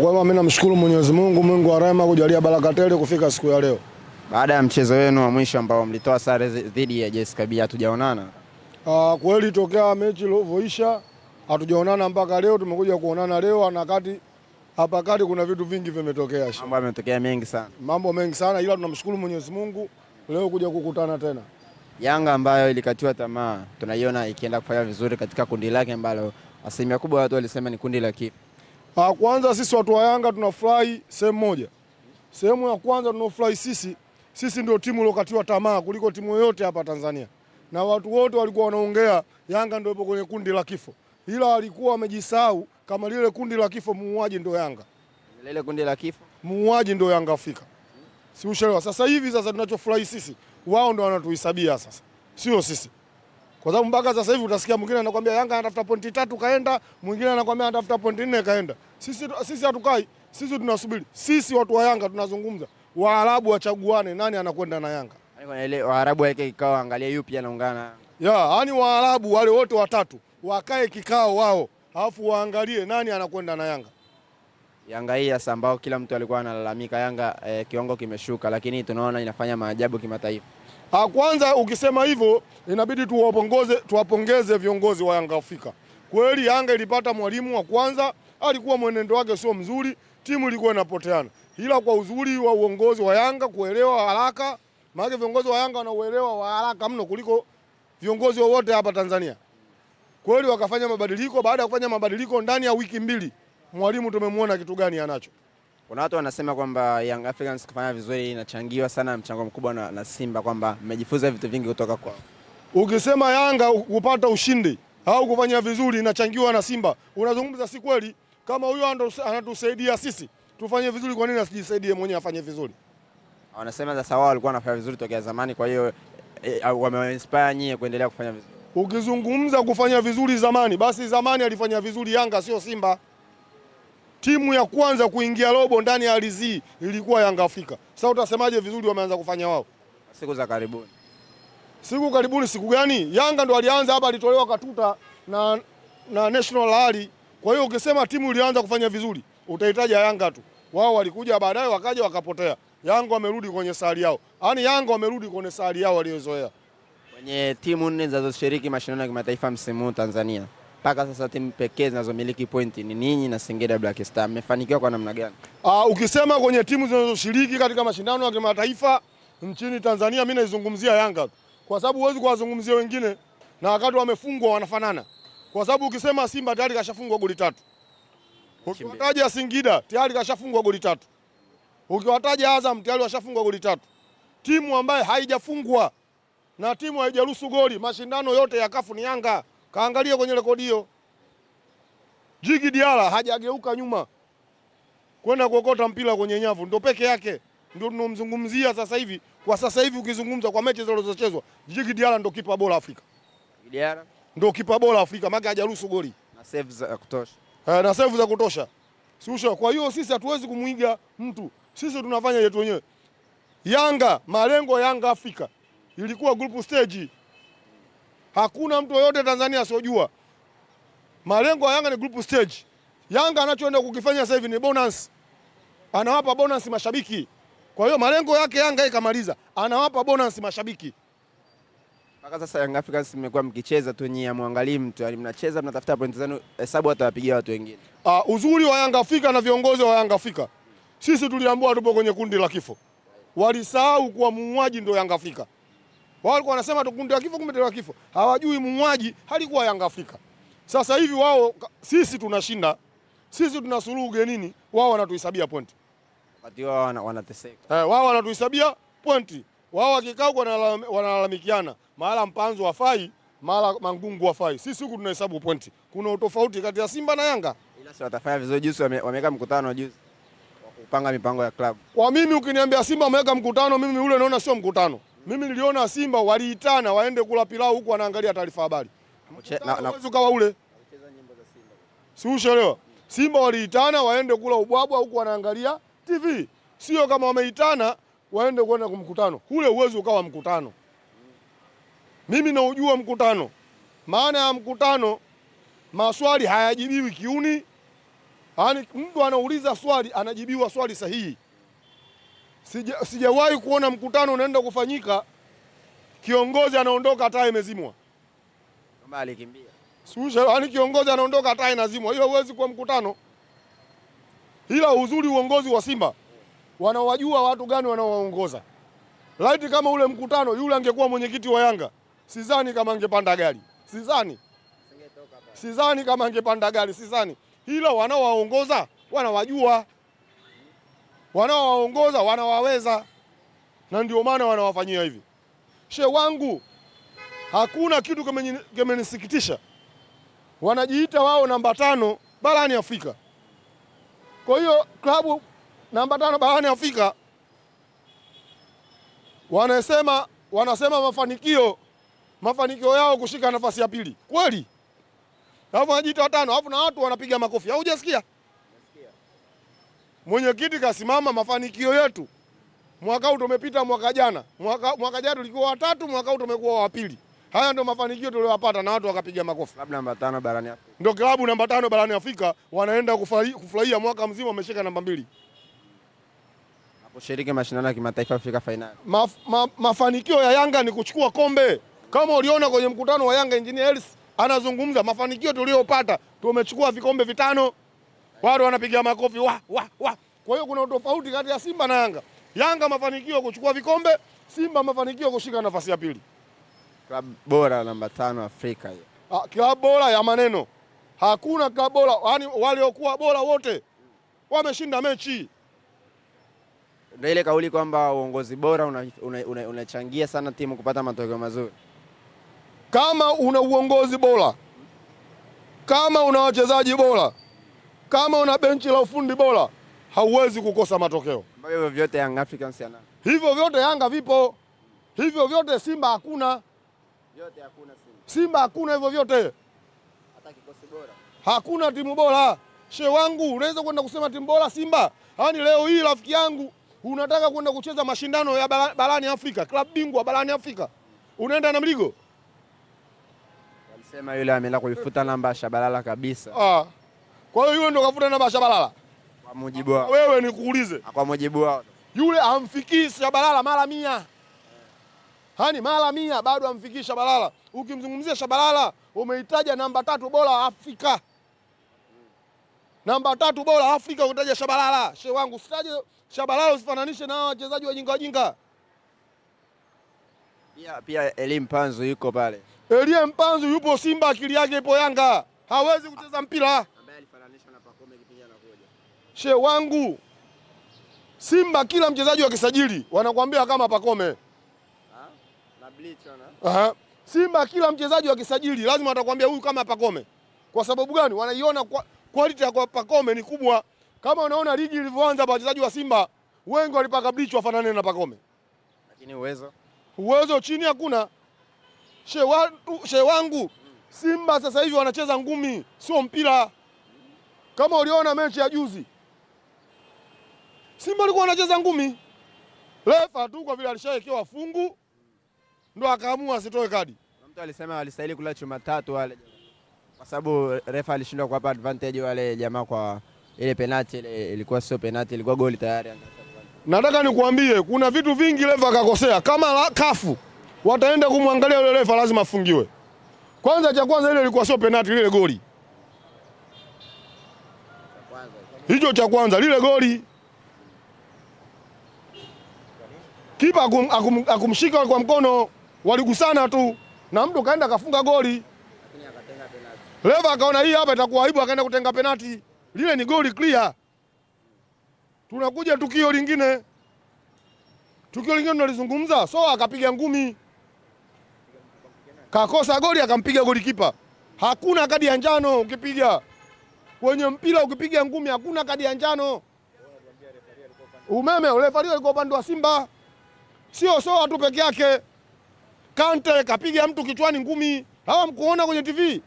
Kwa hiyo mimi namshukuru Mwenyezi Mungu, Mungu wa rehema kujalia baraka tele kufika siku ya leo. Baada ya mchezo wenu wa mwisho ambao mlitoa sare dhidi ya JS Kabylie hatujaonana. Ah, kweli tokea mechi ilivyoisha hatujaonana mpaka leo, tumekuja kuonana leo na kati hapa kati kuna vitu vingi vimetokea. Mambo yametokea mengi sana. Mambo mengi sana ila tunamshukuru Mwenyezi Mungu leo kuja kukutana tena. Yanga ambayo ilikatiwa tamaa tunaiona ikienda kufanya vizuri katika kundi lake ambalo asilimia kubwa watu walisema ni kundi la kipi? Ah, kwanza sisi watu wa Yanga tunafurahi sehemu moja. Sehemu ya kwanza tunafurahi sisi, sisi ndio timu iliyokatiwa tamaa kuliko timu yoyote hapa Tanzania, na watu wote walikuwa wanaongea Yanga ndio ipo kwenye kundi la kifo, ila walikuwa wamejisahau kama lile kundi la kifo, muuaji ndio Yanga, lile kundi la kifo, muuaji ndio Yanga Afrika, si ushelewa? Sasa hivi sasa tunachofurahi sisi, wao ndio wanatuhesabia sasa, sio sisi kwa sababu mpaka sasa hivi utasikia mwingine anakuambia Yanga anatafuta pointi tatu kaenda, mwingine anakuambia anatafuta pointi nne kaenda. Sisi sisi hatukai, sisi tunasubiri. Sisi watu wa Yanga tunazungumza, Waarabu wachaguane nani anakwenda na Yanga. Yaani Waarabu waeke kikao, angalia yupi anaungana ya yaani, Waarabu wale wote watatu wakae kikao wao, alafu waangalie nani anakwenda na Yanga. Yanga hii sasa ambao kila mtu alikuwa analalamika Yanga eh, kiwango kimeshuka, lakini tunaona inafanya maajabu kimataifa. Ah, kwanza ukisema hivyo inabidi tuwapongeze tuwapongeze viongozi wa Yanga Afrika. Kweli Yanga ilipata mwalimu wa kwanza, alikuwa mwenendo wake sio mzuri, timu ilikuwa inapoteana, ila kwa uzuri wa uongozi wa Yanga kuelewa haraka, maana viongozi wa Yanga wanauelewa wa haraka mno kuliko viongozi wowote hapa Tanzania. Kweli wakafanya mabadiliko. Baada ya kufanya mabadiliko, ndani ya wiki mbili mwalimu tumemwona kitu gani anacho. Kuna watu wanasema kwamba Young Africans kufanya vizuri inachangiwa sana mchango mkubwa na, na Simba kwamba mmejifunza vitu vingi kutoka kwao. Ukisema Yanga kupata ushindi au kufanya vizuri inachangiwa na Simba, unazungumza si kweli. Kama huyo anatusaidia sisi tufanye vizuri, kwa nini asijisaidie mwenyewe afanye vizuri? Wanasema sasa wao walikuwa wanafanya vizuri tokea zamani, kwa hiyo e, e wameinspire nyie kuendelea kufanya vizuri. Ukizungumza kufanya vizuri zamani, basi zamani alifanya vizuri Yanga, sio Simba timu ya kwanza kuingia robo ndani ya ardhi ilikuwa Yanga Afrika. Sasa utasemaje vizuri wameanza kufanya wao siku za karibuni? Siku karibuni, siku gani? Yanga ndo alianza hapa, alitolewa Katuta na, na National Rally. Kwa hiyo ukisema timu ilianza kufanya vizuri utahitaji Yanga tu, wao walikuja baadaye wakaja wakapotea. Yanga wamerudi kwenye sari yao, yaani Yanga wamerudi kwenye sari yao waliozoea. Kwenye timu nne zinazoshiriki mashindano ya kimataifa msimu Tanzania mpaka sasa timu pekee zinazomiliki pointi ni ninyi na Singida Black Star. Mmefanikiwa kwa namna gani? Uh, ukisema kwenye timu zinazoshiriki katika mashindano ya kimataifa nchini Tanzania, mimi naizungumzia Yanga kwa sababu huwezi kuwazungumzia wengine, na wakati wamefungwa wanafanana, kwa sababu ukisema Simba tayari kashafungwa goli tatu, ukiwataja Singida tayari kashafungwa goli tatu, ukiwataja Azam tayari washafungwa goli tatu. Timu ambayo haijafungwa na timu haijaruhusu goli mashindano yote ya kafu ni Yanga. Kaangalia kwenye rekodi hiyo. Jigi Diala hajageuka nyuma kwenda kuokota mpira kwenye nyavu, ndio peke yake ndio tunomzungumzia sasa hivi. Kwa sasa hivi ukizungumza kwa mechi zilizochezwa, Jigi Diala ndio kipa bora Afrika. Diala ndio kipa bora Afrika, maana hajaruhusu goli na save za kutosha, eh, na save za kutosha susha. Kwa hiyo sisi hatuwezi kumwiga mtu, sisi tunafanya yetu wenyewe. Yanga malengo Yanga Afrika ilikuwa group stage Hakuna mtu yoyote Tanzania asiojua malengo ya Yanga ni group stage. Yanga anachoenda kukifanya sasa hivi ni bonus, anawapa bonus mashabiki. Kwa hiyo malengo yake Yanga ikamaliza, anawapa bonus mashabiki. Mpaka sasa Yanga Africans mmekuwa mkicheza tu nyinyi, amwangalii mtu, yani mnacheza mnatafuta pointi zenu, hesabu hata wapigia watu wengine. Ah, uzuri wa Yanga Afrika na viongozi wa Yanga Afrika, sisi tuliambiwa tupo kwenye kundi la kifo, walisahau kuwa muuaji ndio Yanga Afrika. Wao walikuwa wanasema wa kifo, kumbe wa kifo. Hawajui muuaji halikuwa Yanga Afrika. Sasa hivi wao sisi tunashinda. Sisi tunasuluhu ugenini, wao wanatuhesabia pointi. Wakati wao wanateseka. Eh, wao wanatuhesabia pointi. Wao wakikaa huko wanalalamikiana. Mahala Mpanzu wafai, mahala Mangungu wafai. Sisi huku tunahesabu pointi. Kuna utofauti kati ya Simba na Yanga. Ila si watafanya vizuri juzi wameweka mkutano juzi. Kupanga mipango ya klabu. Kwa mimi ukiniambia Simba wameweka mkutano, mimi ule naona sio mkutano. Mimi niliona Simba waliitana waende kula pilau huku wanaangalia taarifa habari. Mchezo ule. Si ushelewa. Simba waliitana waende kula ubwabwa huku wanaangalia TV. Sio kama wameitana waende kwenda kumkutano. Kule uwezo ukawa mkutano. Mimi naujua mkutano. Maana ya mkutano, maswali hayajibiwi kiuni. Yaani mtu anauliza swali anajibiwa swali sahihi. Sija, sijawahi kuona mkutano unaenda kufanyika kiongozi anaondoka taa imezimwa. Kama alikimbia. Sio, yani kiongozi anaondoka taa inazimwa. Hiyo huwezi kuwa mkutano. Ila uzuri uongozi wa Simba wanawajua watu gani wanaowaongoza. Laiti kama ule mkutano yule angekuwa mwenyekiti wa Yanga, sidhani kama angepanda gari. Sidhani. Sidhani kama angepanda gari, sidhani. Ila wanaowaongoza wanawajua wanaowaongoza wanawaweza, na ndio maana wanawafanyia hivi. She wangu, hakuna kitu kimenisikitisha. Wanajiita wao namba tano barani Afrika. Kwa hiyo klabu namba tano barani Afrika wanasema, wanasema mafanikio mafanikio yao kushika nafasi ya pili kweli, alafu wanajiita watano, alafu na watu wanapiga makofi. Haujasikia? Mwenyekiti kasimama, mafanikio yetu mwaka huu tumepita mwaka jana. Mwaka, mwaka jana tulikuwa watatu, mwaka huu tumekuwa wa pili. Haya ndio mafanikio tuliyopata na watu wakapiga makofi. Klabu namba tano barani Afrika. Ndio klabu namba tano barani Afrika wanaenda kufurahia mwaka mzima wameshika namba mbili. Kushiriki mashindano ya kimataifa Afrika finali. Ma, ma, mafanikio ya Yanga ni kuchukua kombe. Kama uliona kwenye mkutano wa Yanga Engineers anazungumza mafanikio tuliyopata, tumechukua vikombe vitano wale wanapiga makofi wa, wa, wa. Kwa hiyo kuna utofauti kati ya Simba na Yanga. Yanga mafanikio kuchukua vikombe, Simba mafanikio kushika nafasi ya pili, klabu bora namba tano Afrika hiyo. Ah, klabu bora ya maneno, hakuna klabu bora, yaani waliokuwa bora wote wameshinda mechi. Ndio ile kauli kwamba uongozi bora unachangia una, una, una sana timu kupata matokeo mazuri. Kama una uongozi bora, kama una wachezaji bora kama una benchi la ufundi bora hauwezi kukosa matokeo. Hivyo vyote Young Africans yana hivyo vyote Yanga vipo, hivyo vyote Simba hakuna, Vyote hakuna Simba. Simba hakuna hivyo vyote, hata kikosi bora hakuna, timu bora. She wangu unaweza kwenda kusema timu bora Simba? Yaani leo hii rafiki yangu unataka kwenda kucheza mashindano ya barani Afrika, klabu bingwa barani Afrika, unaenda na mligo. Walisema yule ameenda kuifuta namba Shabalala kabisa. Ah. Kwa hiyo yule ndo kafuta namba ya Shabalala. Kwa mujibu wao. Wewe nikuulize. Ah, kwa mujibu wao. Yule amfikii Shabalala mara mia. Hani mara mia bado amfikii Shabalala. Ukimzungumzia Shabalala umeitaja namba tatu bora Afrika. Namba tatu bora Afrika ukitaja Shabalala. She wangu sitaje Shabalala usifananishe na wachezaji wajinga jinga. Pia pia Elie Mpanzu yuko pale. Elie Mpanzu yupo Simba akili yake ipo Yanga. Hawezi kucheza mpira. She wangu Simba, kila mchezaji wakisajili wanakuambia kama pakome ha? Ah, na Aha. Simba kila mchezaji wa kisajili lazima watakwambia huyu kama pakome. Kwa sababu gani? Wanaiona quality ya kwa pakome ni kubwa. Kama unaona ligi ilivyoanza, wachezaji wa Simba wengi walipaka bleach wafanane na pakome, lakini uwezo uwezo chini hakuna. She wangu, she wangu Simba sasa hivi wanacheza ngumi, sio mpira. Kama uliona mechi ya juzi Simba alikuwa anacheza ngumi, refa tu kwa vile alishawekewa fungu ndo akaamua asitoe kadi. Mtu alisema walistahili kula chuma tatu wale kwa sababu refa alishindwa kuwapa advantage wale jamaa kwa ile penalti. Ile ilikuwa sio penalti, ilikuwa goli tayari. Nataka nikuambie kuna vitu vingi refa akakosea. Kama kafu wataenda kumwangalia yule refa, lazima afungiwe. Kwanza cha kwanza, ile ilikuwa sio penalti, lile goli hicho cha kwanza, lile goli kipa akum, akum, akumshika kwa mkono, waligusana tu na mtu kaenda kafunga goli. Leva akaona hii hapa itakuwa aibu, akaenda kutenga penati. Lile ni goli clear. Tunakuja tukio lingine, tukio lingine tunalizungumza. So akapiga ngumi, kakosa goli, akampiga goli kipa. Hakuna kadi ya njano ukipiga kwenye mpira, ukipiga ngumi hakuna kadi ya njano. Umeme ule, alikuwa upande wa Simba sio sio watu peke yake. Kante kapiga mtu kichwani ngumi, hawa mkuona kwenye TV.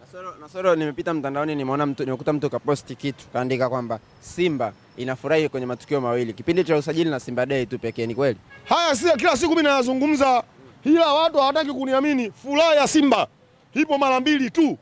Nasoro Nasoro, nimepita mtandaoni, nimeona mtu, nimekuta mtu kaposti kitu kaandika kwamba Simba inafurahi kwenye matukio mawili, kipindi cha usajili na Simba Day tu pekee. Ni kweli haya? Si kila siku mimi nayazungumza, ila watu hawataki kuniamini. Furaha ya Simba ipo mara mbili tu.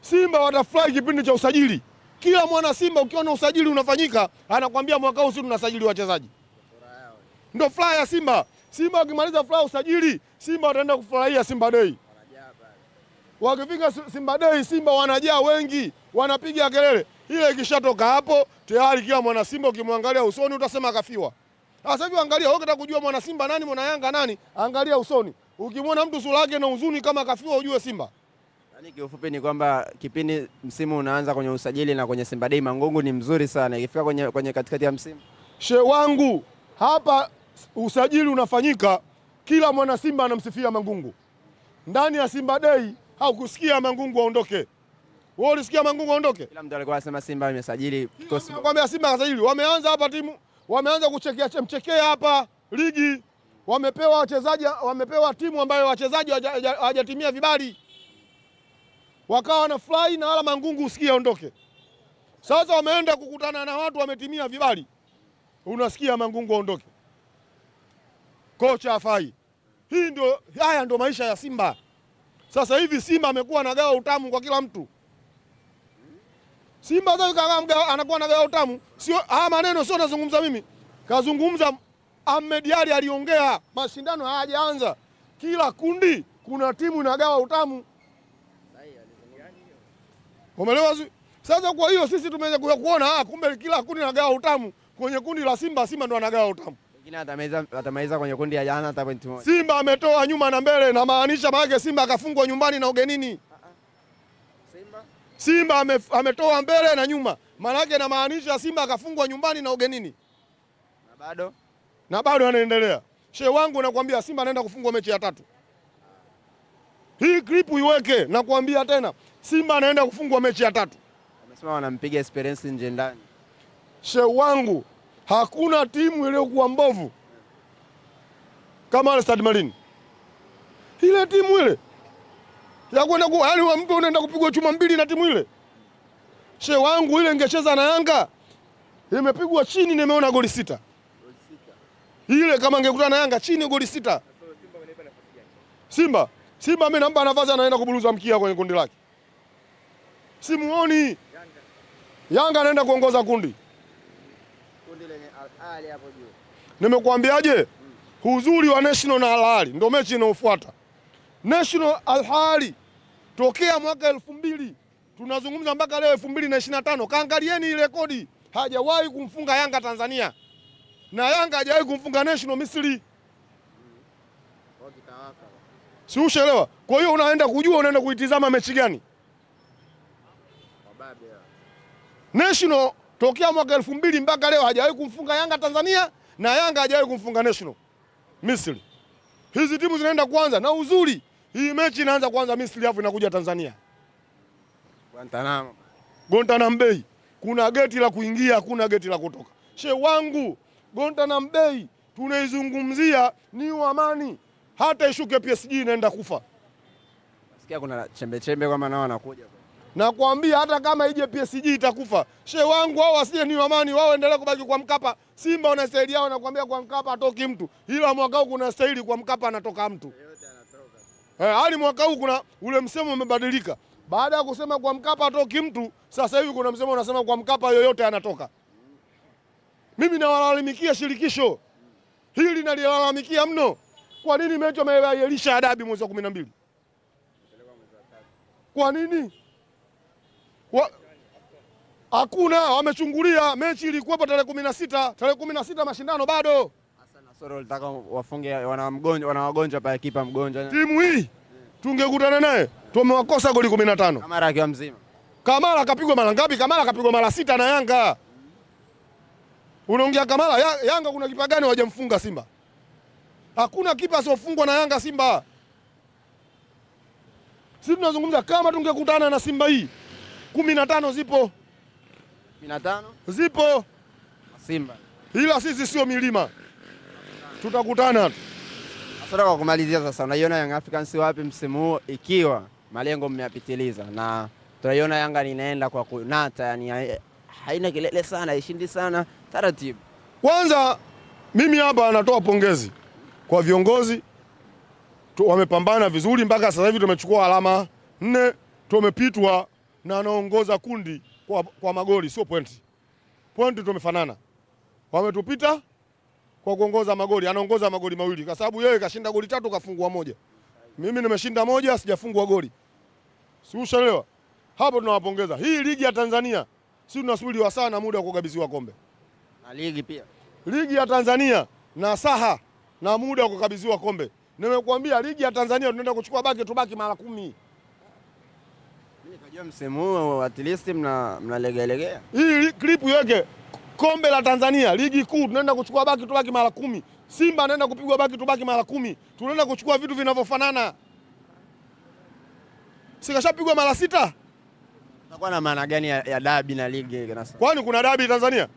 Simba watafurahi kipindi cha usajili. Kila mwana Simba ukiona usajili unafanyika, anakwambia mwaka huu si tunasajili wachezaji ndo furaha ya Simba. Simba wakimaliza furaha usajili, Simba wataenda kufurahia Simba Day. Wakifika Simba Day, Simba wanajaa wengi, wanapiga kelele. Ile ikishatoka hapo tayari, kila mwana Simba ukimwangalia usoni utasema kafiwa. Sasa hivi angalia, wewe unataka kujua mwana Simba nani, mwana Yanga nani, angalia usoni. Ukimwona mtu sura yake na huzuni kama kafiwa, ujue Simba. Yaani kiufupi ni kwamba kipindi msimu unaanza kwenye usajili na kwenye Simba Day Mangungu ni mzuri sana, ikifika kwenye, kwenye katikati ya msimu she wangu hapa usajili unafanyika, kila mwana Simba anamsifia Mangungu. Ndani ya Simba Day haukusikia Mangungu aondoke. Wewe ulisikia Mangungu aondoke? Kila mtu alikuwa anasema Simba imesajili kikosi. Nakwambia Simba kasajili. Wameanza hapa timu, wameanza kuchekea chemchekea hapa ligi. Wamepewa wachezaji, wamepewa timu ambayo wachezaji hawajatimia vibali. Wakawa fly na wala Mangungu usikia aondoke. Sasa wameenda kukutana na watu wametimia vibali. Unasikia Mangungu aondoke kocha afai. Hii ndio, haya ndio maisha ya Simba sasa hivi. Simba amekuwa anagawa utamu kwa kila mtu. Simba sasa anakuwa anagawa utamu. Sio haya maneno, sio nazungumza mimi, kazungumza Ahmed Ali, aliongea. Mashindano hayajaanza, kila kundi kuna timu inagawa utamu, umeelewa? Sasa kwa hiyo sisi tumeweza kuona, ah, kumbe kila kundi inagawa utamu. Kwenye kundi la Simba, Simba ndo anagawa utamu. Wengine atameza atamaliza kwenye kundi ya jana hata point moja. Simba ametoa nyuma na mbele na maanisha maana Simba akafungwa nyumbani na ugenini. Simba Simba ame, ametoa mbele na nyuma yake na maanisha Simba akafungwa nyumbani na ugenini na bado na bado anaendelea. Shehe wangu nakwambia, Simba anaenda kufungwa mechi ya tatu. Hii clip iweke, nakwambia tena, Simba anaenda kufungwa mechi ya tatu. Wamesema wanampiga Esperance nje ndani. Shehe wangu Hakuna timu iliyokuwa mbovu kama Al Stad Malin. Ile timu ile ya kwenda ku hali wa unaenda kupigwa chuma mbili na timu ile. She wangu ile ingecheza na Yanga imepigwa chini, nimeona goli sita. Ile kama ingekutana na Yanga chini goli sita. Simba, Simba mimi nampa nafasi anaenda kuburuza mkia kwenye kundi lake. Simuoni. Yanga anaenda kuongoza kundi halali hapo juu. Nimekuambiaje? Hmm. Uzuri wa national na halali ndio mechi inayofuata. National alhali tokea mwaka elfu mbili tunazungumza mpaka leo elfu mbili na ishirini na tano kaangalieni ile rekodi, hajawahi kumfunga Yanga Tanzania na Yanga hajawahi kumfunga National Misri. Si ushelewa? Kwa hiyo unaenda kujua unaenda kuitizama mechi gani National tokea mwaka elfu mbili mpaka leo hajawahi kumfunga Yanga Tanzania na Yanga hajawahi kumfunga National Misri. Hizi timu zinaenda kwanza, na uzuri hii mechi inaanza kwanza Misri afu inakuja Tanzania Guantanamo. Guantanamo Bay kuna geti la kuingia, kuna geti la kutoka. She wangu Guantanamo Bay tunaizungumzia ni amani, hata ishuke PSG inaenda kufa. Nasikia kuna chembe chembe kama nao wanakuja nakwambia, hata kama ije PSG itakufa. She wangu wao wasije ni wamani wao, endelee kubaki kwa Mkapa. Simba una staili yao, nakwambia kwa Mkapa atoki mtu, ila mwaka huu kuna staili kwa Mkapa anatoka mtu Yote eh, hali hey, mwaka huu kuna ule msemo umebadilika. Baada ya kusema kwa Mkapa atoki mtu, sasa hivi kuna msemo unasema kwa Mkapa yoyote anatoka. Mimi nawalalamikia shirikisho hili nalilalamikia mno. Kwa nini mechi wameairisha adabi mwezi wa 12? Kwa nini? wa... hakuna wamechungulia. Mechi ilikuwepo tarehe kumi na sita tarehe kumi na sita mashindano bado. Nataka wafunge wana wagonjwa pale, kipa mgonjwa. Timu hii tungekutana naye tumewakosa goli kumi na tano. Kamara akiwa mzima, Kamara akapigwa mara ngapi? Kamara akapigwa mara sita na Yanga. Unaongea Kamara ya, Yanga kuna kipa gani wajamfunga Simba? Hakuna kipa asiofungwa na Yanga Simba. Sisi tunazungumza kama tungekutana na Simba hii kumi na tano zipo kumi na tano zipo Simba, ila sisi sio milima, tutakutana tu. Sasa kwa kumalizia, sasa unaiona Young Africans wapi msimu huu, ikiwa malengo mmeyapitiliza na tunaiona Yanga inaenda kwa kunata, yani haina kelele sana, ishindi sana taratibu. Kwanza mimi hapa natoa pongezi kwa viongozi tu, wamepambana vizuri mpaka sasa hivi tumechukua alama nne, tumepitwa na anaongoza kundi kwa, kwa magoli sio pointi. Pointi tumefanana, wametupita kwa kuongoza magoli, anaongoza magoli mawili kwa sababu yeye kashinda goli tatu kafungua moja, mimi nimeshinda moja sijafungua goli, si ushaelewa? Hapo tunawapongeza. Hii ligi ya Tanzania si tunasubiriwa sana muda wa kukabidhiwa kombe na ligi pia, ligi ya Tanzania na saha na muda wa kukabidhiwa kombe. Nimekuambia ligi ya Tanzania tunaenda kuchukua baki tubaki mara kumi. Nikajua msimu huu at least mna Hii yake kombe la Tanzania ligi kuu tunaenda kuchukua baki tubaki mara kumi. Simba anaenda kupigwa baki tubaki mara kumi. Tunaenda kuchukua vitu vinavyofanana. Sikashapigwa mara sita. Takuwa na maana gani ya, ya dabi na ligi Kwani kuna dabi Tanzania?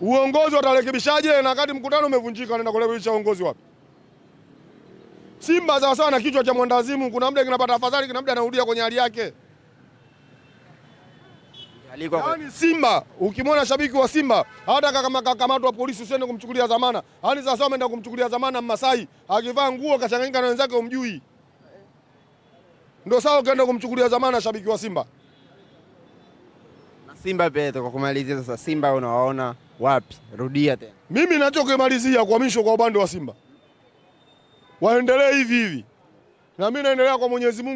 Uongozi watarekebishaje na wakati mkutano umevunjika wanaenda kurekebisha uongozi wapi? Simba sawa na kichwa cha mwandazimu, kuna muda kinapata afadhali, kuna muda anarudia kwenye hali yake. Yaani Simba ukimwona shabiki wa Simba hata kama kakamatwa polisi usiende kumchukulia dhamana. Yaani sasa ameenda kumchukulia dhamana Masai, akivaa nguo kachanganyika na wenzake umjui. Ndio sawa ukaenda kumchukulia dhamana shabiki wa Simba. Na Simba pete kwa kumalizia sasa Simba unawaona wapi? Rudia tena. Mimi nacho kumalizia kwa misho kwa upande wa Simba waendelee hivi hivi, na mimi naendelea kwa Mwenyezi Mungu.